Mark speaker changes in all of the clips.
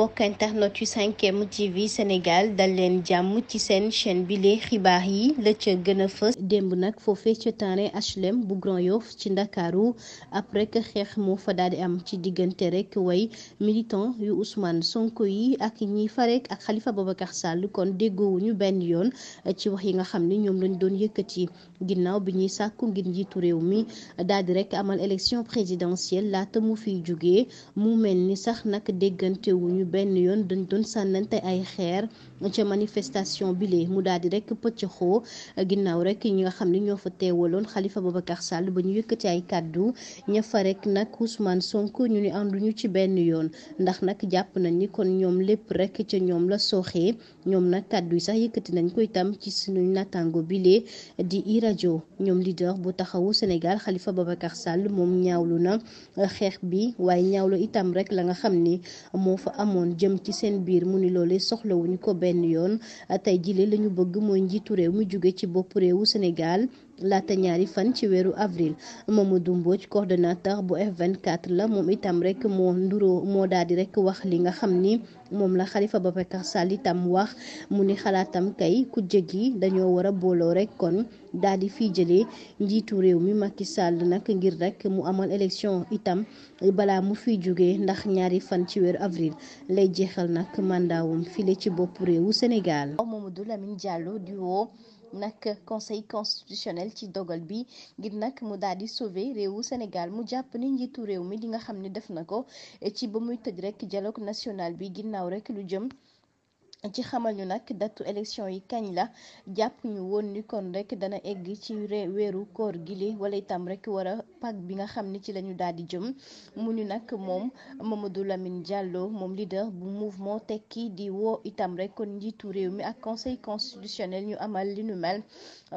Speaker 1: mbokk internet yu 5M TV Sénégal dal leen jàmm ci seen chaîne bi xibaar yi la ca gën fa démb nag foofee ca terrain HLM bu Grand Yoff ci Ndakaaru après que xeex moo fa daal di am ci diggante rek way militant yu Ousmane Sonko yi ak ñi farek ak Khalifa Babacar sàll kon déggowuñu benn yoon ci wax yi nga xam ni ñoom lañ doon yëkkati ginnaaw bi ñuy sàkku ngir njiitu réew mi daal rekk amal élection présidentielle laata mu fi jugee mu mel sax nag benn yoon dañ doon sànnante ay xeer ca manifestation bile mu daal di rek pëccëxoo ginnaaw rek ñi xam ne ñoo fa teewaloon Khalifa Babacar sàll ba ñu yëkkati ay kàddu ña fa nag Ousmane Sonko ñu ànduñu ci benn yoon ndax nag jàpp nañ ni kon ñoom lépp rek ca ñoom la sooxee ñoom nag kàddu yi sax yëkkati nañ ko itam ci suñu natango bile di i rajo ñoom leader bu taxawu Sénégal Khalifa Babacar Sall moom ñaawlu na xeex bi waaye ñaawlu itam rek la nga xam ni moo fa amoon amoon jëm ci seen biir mu ni loole soxlawuñu ko benn yoon tey jile la ñu bëgg mooy njiitu réew mi jóge ci bopp réewu Sénégal laata ñaari fan ci weeru avril Mamadou Mbodj coordonnateur bu F24 la moom itam rek moo nduroo moo daal di rek wax li nga xam ni moom la Khalifa Babacar Sall itam wax mu ni xalaatam kay ku jëgi dañoo war a booloo rek kon daal di fii jëlee njiitu réew mi mag Macky sàll nag ngir rek mu amal élection itam balaa mu fi jógee ndax ñaari fan ci weeru avril lay jeexal nag mandaawum file ci bopp réewu Sénégal. Mamadou Lamine Diallo di nag conseil constitutionnel ci dogal bi ngir nag mu daal di sauver réewu Sénégal mu jàpp ni njiitu réew mi li nga xam ne def na ko ci ba muy tëj rek dialogue national bi ginnaaw rek lu jëm. ci xamal ñu nag datu élection yi kañ la jàpp ñu woon ni kon rek dana egg ci weeru gi li wala itam rek war a pàcc bi nga xam ni ci la ñu daal di jëm mu ñu nag moom Mamadou lamin jàlloo moom leader bu mouvement tekki di woo itam rek kon njiitu réew mi ak conseil constitutionnel ñu amal li nu mel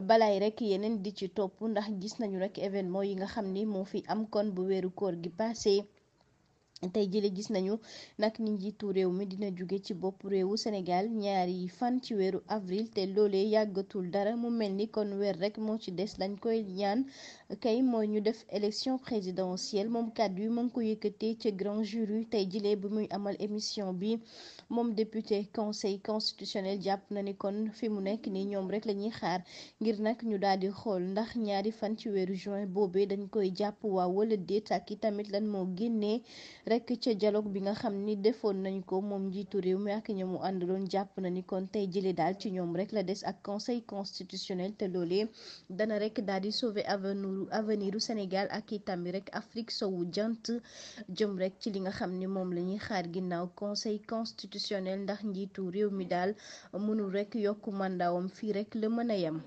Speaker 1: balaay rek yeneen di ci topp ndax gis nañu rek événement yi nga xam ni moo fi am kon bu weeru koor gi passé tey jële gis nañu nag ni njiitu réew mi dina jóge ci bopp réewu Sénégal ñaari fan ci weeru avril te loolee yàggatul dara mu mel ni kon weer rek moo ci des dañ koy ñaan kay mooy ñu def élection présidentielle moom kàddu yi mu ko yëkkatee ca grand jury tey jëlee bi muy amal émission bi moom député conseil constitutionnel jàpp na ni kon fi mu nekk nii ñoom rek la ñuy xaar ngir nag ñu daal di xool ndax ñaari fan ci weeru juin boobee dañ koy jàpp waa wala tamit lan moo génnee. rek ca dialogue bi nga xam ni defoon nañu ko moom njiitu réew mi ak ñamu àndaloon jàpp na ni kon tey jëlee daal ci ñoom rek la des ak conseil constitutionnel te loolee dana rek daal di sauver avenir aveniru Sénégal ak itam bi rek Afrique sowu jant jëm rek ci li nga xam ni moom la ñuy xaar ginnaaw conseil constitutionnel ndax njiitu réew mi daal mënul rek yokk mandaawam fii rek la mën a yem.